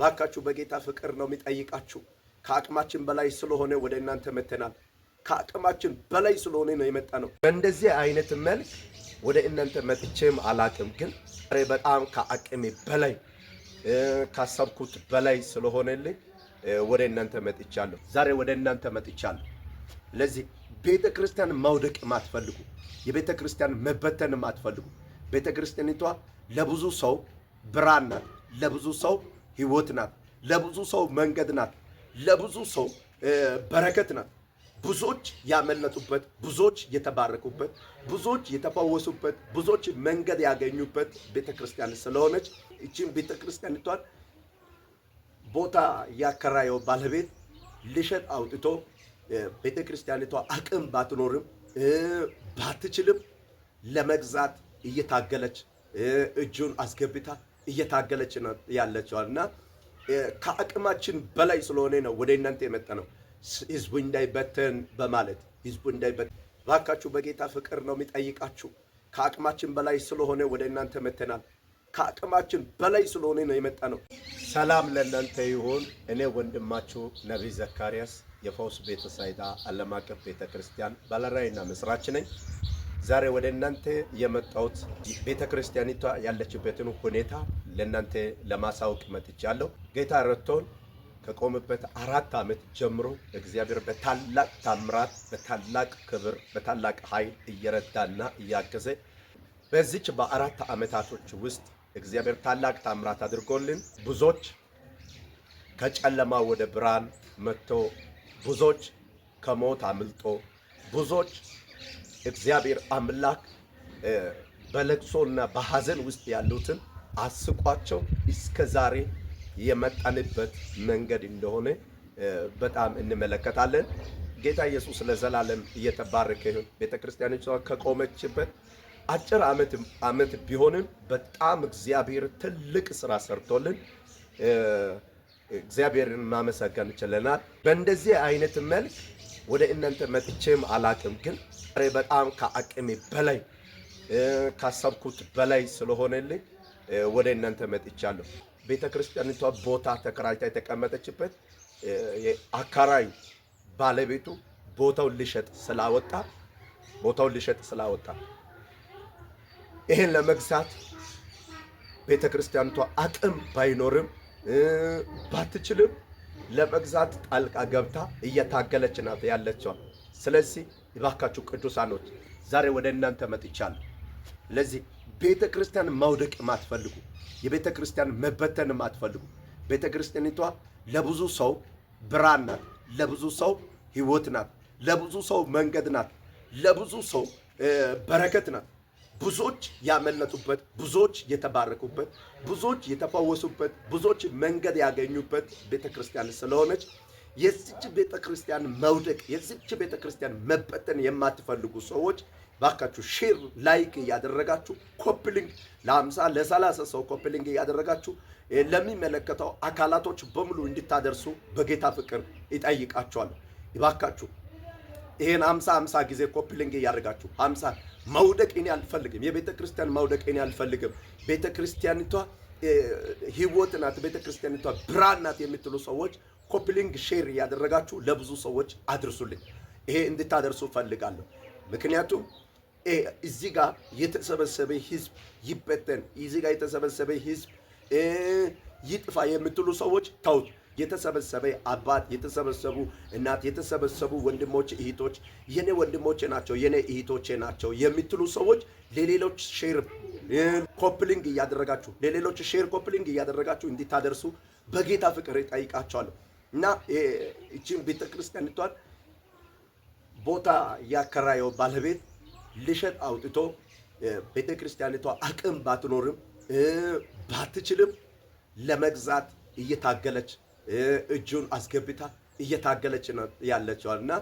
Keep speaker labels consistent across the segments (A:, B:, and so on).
A: ባካችሁ በጌታ ፍቅር ነው የሚጠይቃችሁ። ከአቅማችን በላይ ስለሆነ ወደ እናንተ መተናል። ከአቅማችን በላይ ስለሆነ ነው የመጣ ነው። በእንደዚህ አይነት መልክ ወደ እናንተ መጥቼም አላቅም፣ ግን በጣም ከአቅሜ በላይ ካሰብኩት በላይ ስለሆነልኝ ወደ እናንተ መጥቻለሁ። ዛሬ ወደ እናንተ መጥቻለሁ። ለዚህ ቤተ ክርስቲያን ማውደቅ ማትፈልጉ፣ የቤተ ክርስቲያን መበተን ማትፈልጉ፣ ቤተ ክርስቲያኒቷ ለብዙ ሰው ብርሃን ናት፣ ለብዙ ሰው ህይወት ናት። ለብዙ ሰው መንገድ ናት። ለብዙ ሰው በረከት ናት። ብዙዎች ያመለጡበት፣ ብዙዎች የተባረኩበት፣ ብዙዎች የተፈወሱበት፣ ብዙዎች መንገድ ያገኙበት ቤተክርስቲያን ስለሆነች ይችን ቤተክርስቲያን ልቷን ቦታ ያከራየው ባለቤት ልሸጥ አውጥቶ ቤተክርስቲያኒቷ አቅም ባትኖርም ባትችልም ለመግዛት እየታገለች እጁን አስገብታ እየታገለች ያለችዋል እና ከአቅማችን በላይ ስለሆነ ነው ወደ እናንተ የመጣ ነው ህዝቡ እንዳይበተን በማለት ህዝቡ እንዳይበተን ባካችሁ በጌታ ፍቅር ነው የሚጠይቃችሁ። ከአቅማችን በላይ ስለሆነ ወደ እናንተ መተናል። ከአቅማችን በላይ ስለሆነ ነው የመጣ ነው። ሰላም ለእናንተ ይሁን። እኔ ወንድማችሁ ነቢይ ዘካርያስ የፈውስ ቤተሳይዳ አለም አቀፍ ቤተ ክርስቲያን ባለራዕይና መስራች ነኝ። ዛሬ ወደ እናንተ የመጣሁት ቤተ ክርስቲያኒቷ ያለችበትን ሁኔታ ለእናንተ ለማሳወቅ መጥቻለሁ። ጌታ ረድቶን ከቆምበት አራት ዓመት ጀምሮ እግዚአብሔር በታላቅ ታምራት፣ በታላቅ ክብር፣ በታላቅ ኃይል እየረዳና እያገዘ በዚች በአራት ዓመታቶች ውስጥ እግዚአብሔር ታላቅ ታምራት አድርጎልን ብዙዎች ከጨለማ ወደ ብርሃን መጥቶ ብዙዎች ከሞት አምልጦ ብዙዎች እግዚአብሔር አምላክ በለቅሶና በሐዘን ውስጥ ያሉትን አስቋቸው እስከ ዛሬ የመጣንበት መንገድ እንደሆነ በጣም እንመለከታለን። ጌታ ኢየሱስ ለዘላለም እየተባረከ ይሁን። ቤተ ክርስቲያኒቷ ከቆመችበት አጭር ዓመት ቢሆንም በጣም እግዚአብሔር ትልቅ ስራ ሰርቶልን እግዚአብሔርን ማመሰገን ችለናል። በእንደዚህ አይነት መልክ ወደ እናንተ መጥቼም አላቅም፣ ግን ዛሬ በጣም ከአቅሜ በላይ ካሰብኩት በላይ ስለሆነልኝ ወደ እናንተ መጥቻለሁ። ቤተ ክርስቲያኒቷ ቦታ ተከራይታ የተቀመጠችበት አካራይ ባለቤቱ ቦታውን ሊሸጥ ስላወጣ ቦታውን ሊሸጥ ስላወጣ ይሄን ለመግዛት ቤተ ክርስቲያኒቷ አቅም ባይኖርም ባትችልም ለመግዛት ጣልቃ ገብታ እየታገለች ናት ያለችዋ። ስለዚህ እባካችሁ ቅዱሳኖች ዛሬ ወደ እናንተ መጥቻለሁ። ለዚህ ቤተ ክርስቲያን ማውደቅ የማትፈልጉ የቤተ ክርስቲያን መበተን የማትፈልጉ ቤተ ክርስቲያኒቷ ለብዙ ሰው ብርሃን ናት፣ ለብዙ ሰው ህይወት ናት፣ ለብዙ ሰው መንገድ ናት፣ ለብዙ ሰው በረከት ናት። ብዙዎች ያመለጡበት፣ ብዙዎች የተባረኩበት፣ ብዙዎች የተፈወሱበት፣ ብዙዎች መንገድ ያገኙበት ቤተ ክርስቲያን ስለሆነች የዚች ቤተ ክርስቲያን መውደቅ የዚች ቤተ ክርስቲያን መበተን የማትፈልጉ ሰዎች ባካችሁ ሼር ላይክ እያደረጋችሁ ኮፕሊንግ ለ ለሰላሳ ሰው ኮፕሊንግ እያደረጋችሁ ለሚመለከተው አካላቶች በሙሉ እንድታደርሱ በጌታ ፍቅር ይጠይቃችኋል። ይባካችሁ ይሄን ሀምሳ ሀምሳ ጊዜ ኮፕሊንግ እያደረጋችሁ ሀምሳ መውደቅ እኔ አልፈልግም። የቤተ ክርስቲያን መውደቅ እኔ አልፈልግም። ቤተ ክርስቲያኒቷ ህይወት ናት፣ ቤተ ክርስቲያኒቷ ብርሃን ናት የምትሉ ሰዎች ኮፕሊንግ ሼር እያደረጋችሁ ለብዙ ሰዎች አድርሱልኝ። ይሄ እንድታደርሱ ፈልጋለሁ። ምክንያቱም እዚህ ጋር የተሰበሰበ ህዝብ ይበተን፣ እዚህ ጋር የተሰበሰበ ህዝብ ይጥፋ የምትሉ ሰዎች ተውት። የተሰበሰበ አባት፣ የተሰበሰቡ እናት፣ የተሰበሰቡ ወንድሞች እህቶች የኔ ወንድሞቼ ናቸው የኔ እህቶቼ ናቸው የምትሉ ሰዎች ለሌሎች ሼር ኮፕሊንግ እያደረጋችሁ ለሌሎች ሼር ኮፕሊንግ እያደረጋችሁ እንዲታደርሱ በጌታ ፍቅር ጠይቃቸዋለሁ እና እችን ቤተክርስቲያን ቦታ ያከራየው ባለቤት ልሸጥ አውጥቶ ቤተክርስቲያኒቷ አቅም ባትኖርም ባትችልም ለመግዛት እየታገለች እጁን አስገብታ እየታገለች ያለችዋል እና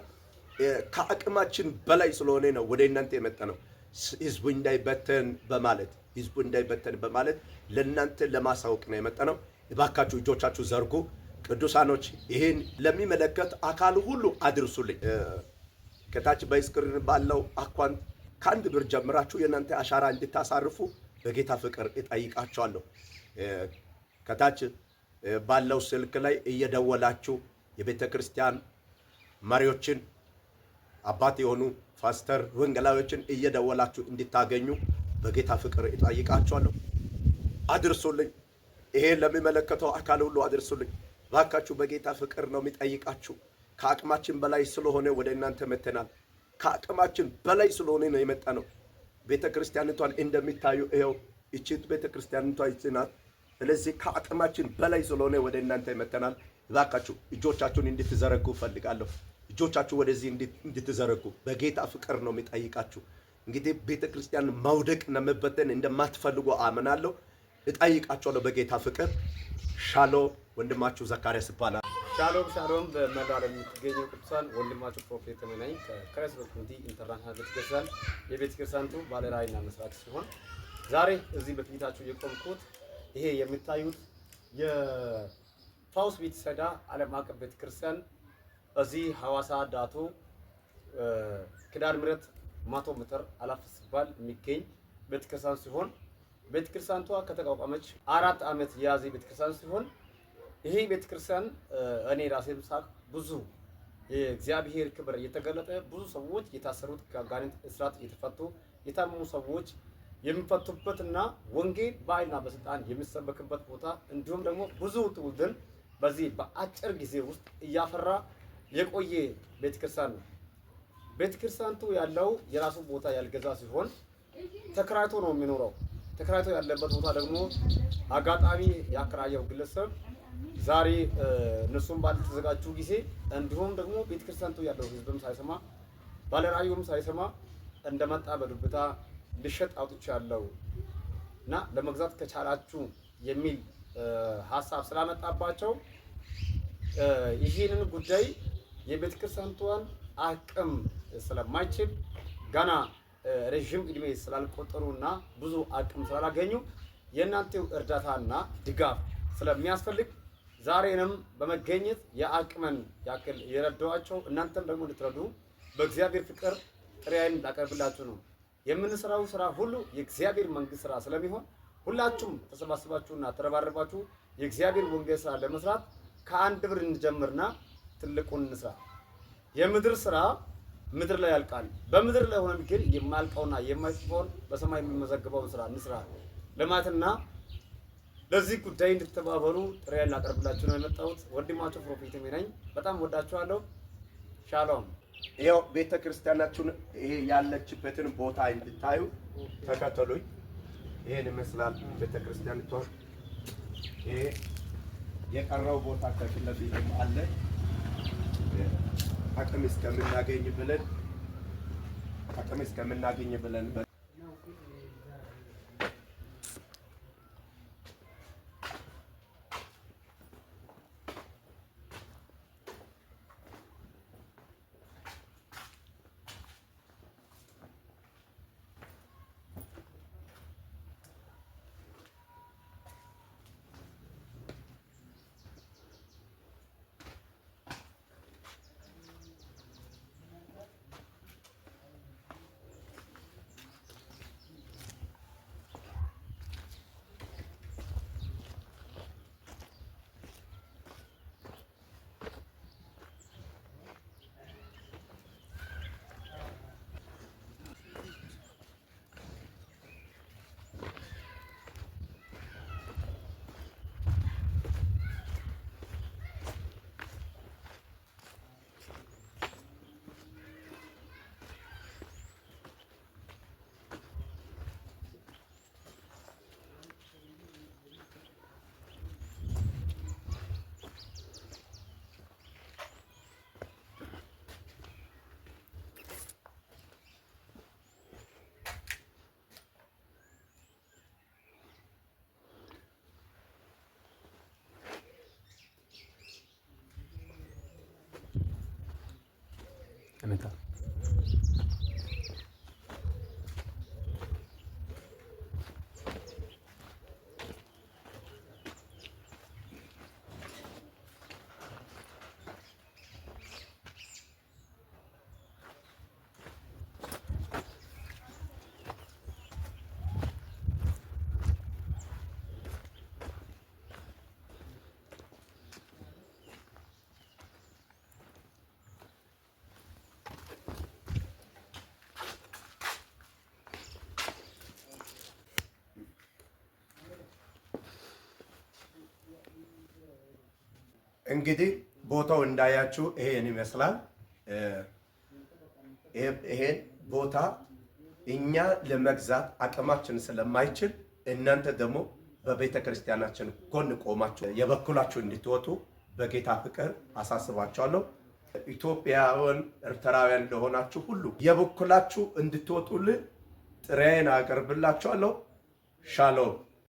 A: ከአቅማችን በላይ ስለሆነ ነው ወደ እናንተ የመጣ ነው። ህዝቡ እንዳይበተን በማለት ህዝቡ እንዳይበተን በማለት ለእናንተ ለማሳወቅ ነው የመጣ ነው። እባካችሁ እጆቻችሁ ዘርጉ። ቅዱሳኖች ይህን ለሚመለከት አካል ሁሉ አድርሱልኝ። ከታች በስክሪን ባለው አኳንት ከአንድ ብር ጀምራችሁ የእናንተ አሻራ እንድታሳርፉ በጌታ ፍቅር እጠይቃቸዋለሁ። ከታች ባለው ስልክ ላይ እየደወላችሁ የቤተ ክርስቲያን መሪዎችን አባት የሆኑ ፓስተር ወንጌላዮችን እየደወላችሁ እንድታገኙ በጌታ ፍቅር እጠይቃችኋለሁ። አድርሱልኝ፣ ይሄ ለሚመለከተው አካል ሁሉ አድርሱልኝ ባካችሁ። በጌታ ፍቅር ነው የሚጠይቃችሁ። ከአቅማችን በላይ ስለሆነ ወደ እናንተ መተናል። ከአቅማችን በላይ ስለሆነ ነው የመጣ ነው። ቤተ ክርስቲያንቷን እንደሚታዩ ይኸው፣ ይቺ ቤተ ክርስቲያንቷ ይቺ ስለዚህ ከአቅማችን በላይ ስለሆነ ወደ እናንተ ይመተናል። እባካችሁ እጆቻችሁን እንድትዘረጉ እፈልጋለሁ። እጆቻችሁ ወደዚህ እንድትዘረጉ በጌታ ፍቅር ነው የሚጠይቃችሁ። እንግዲህ ቤተ ክርስቲያን መውደቅና መበተን እንደማትፈልጉ አምናለሁ። እጠይቃችኋለሁ በጌታ ፍቅር። ሻሎም። ወንድማችሁ ዘካርያስ ይባላል።
B: ሻሎም ሻሎም። በመላ ዓለም የምትገኙ ቅዱሳን ወንድማችሁ ፕሮፌት ተመናኝ ከክራይስት ኮሚኒቲ ኢንተርናሽናል ቤተክርስቲያን የቤተክርስቲያንቱ ባለራዕይና መስራች ሲሆን ዛሬ እዚህ በፊታችሁ የቆምኩት ይሄ የምታዩት የፋውስ ቤት ሰዳ ዓለም አቀፍ ቤተክርስቲያን እዚህ ሐዋሳ ዳቶ ኪዳነ ምረት መቶ ሜትር አላፍ ሲባል የሚገኝ ቤተክርስቲያን ሲሆን ቤተክርስቲያንቷ ከተቋቋመች አራት ዓመት የያዘ ቤተክርስቲያን ሲሆን ይሄ ቤተክርስቲያን እኔ ራሴ ምሳቅ ብዙ የእግዚአብሔር ክብር እየተገለጠ ብዙ ሰዎች የታሰሩት ከአጋንንት እስራት እየተፈቱ የታመሙ ሰዎች የሚፈቱበትና ወንጌል በኃይልና በስልጣን የሚሰበክበት ቦታ እንዲሁም ደግሞ ብዙ ትውልድን በዚህ በአጭር ጊዜ ውስጥ እያፈራ የቆየ ቤተክርስቲያን ነው። ቤተክርስቲያንቱ ያለው የራሱ ቦታ ያልገዛ ሲሆን ተከራይቶ ነው የሚኖረው። ተከራይቶ ያለበት ቦታ ደግሞ አጋጣሚ ያከራየው ግለሰብ ዛሬ እነሱም ባልተዘጋጁ ጊዜ እንዲሁም ደግሞ ቤተክርስቲያንቱ ያለው ህዝብም ሳይሰማ ባለራእዩም ሳይሰማ እንደመጣ በዱብታ ልሸጥ አውጥቻለሁ እና ለመግዛት ከቻላችሁ የሚል ሀሳብ ስላመጣባቸው ይህንን ጉዳይ የቤተ ክርስቲያኗን አቅም ስለማይችል ገና ረዥም እድሜ ስላልቆጠሩ እና ብዙ አቅም ስላላገኙ የእናንተው እርዳታና ድጋፍ ስለሚያስፈልግ ዛሬንም በመገኘት የአቅመን ያክል የረዳኋቸው እናንተም ደግሞ እንድትረዱ በእግዚአብሔር ፍቅር ጥሪዬን ላቀርብላችሁ ነው። የምንሰራው ስራ ሁሉ የእግዚአብሔር መንግስት ስራ ስለሚሆን ሁላችሁም ተሰባስባችሁና ተረባርባችሁ የእግዚአብሔር ወንጌል ስራ ለመስራት ከአንድ ብር እንጀምርና ትልቁን እንስራ። የምድር ስራ ምድር ላይ ያልቃል። በምድር ላይ ሆነን ግን የማያልቀውና የማይጽፈውን በሰማይ የሚመዘግበውን ስራ እንስራ ልማትና ለዚህ ጉዳይ እንድትተባበሩ ጥሪ ላቀርብላችሁ ነው የመጣሁት። ወንድማችሁ ፕሮፌት ነኝ። በጣም ወዳችኋለሁ። ሻሎም ይኸው ቤተ ክርስቲያናችን ይሄ ያለችበትን ቦታ እንድታዩ ተከተሉኝ። ይሄን ይመስላል ቤተ ክርስቲያኒቷ። ይሄ የቀረው ቦታ ከፊት ለፊትም አለ። አቅም እስከምናገኝ ብለን አቅም እስከምናገኝ ብለን Meta. እንግዲህ ቦታው እንዳያችሁ ይሄን ይመስላል። ይሄን ቦታ እኛ ለመግዛት አቅማችን ስለማይችል እናንተ ደግሞ በቤተ ክርስቲያናችን ጎን ቆማችሁ የበኩላችሁ እንድትወጡ በጌታ ፍቅር አሳስባችኋለሁ። ኢትዮጵያውያን፣ ኤርትራውያን ለሆናችሁ ሁሉ የበኩላችሁ እንድትወጡልን ጥሬን አቀርብላችኋለሁ። ሻሎም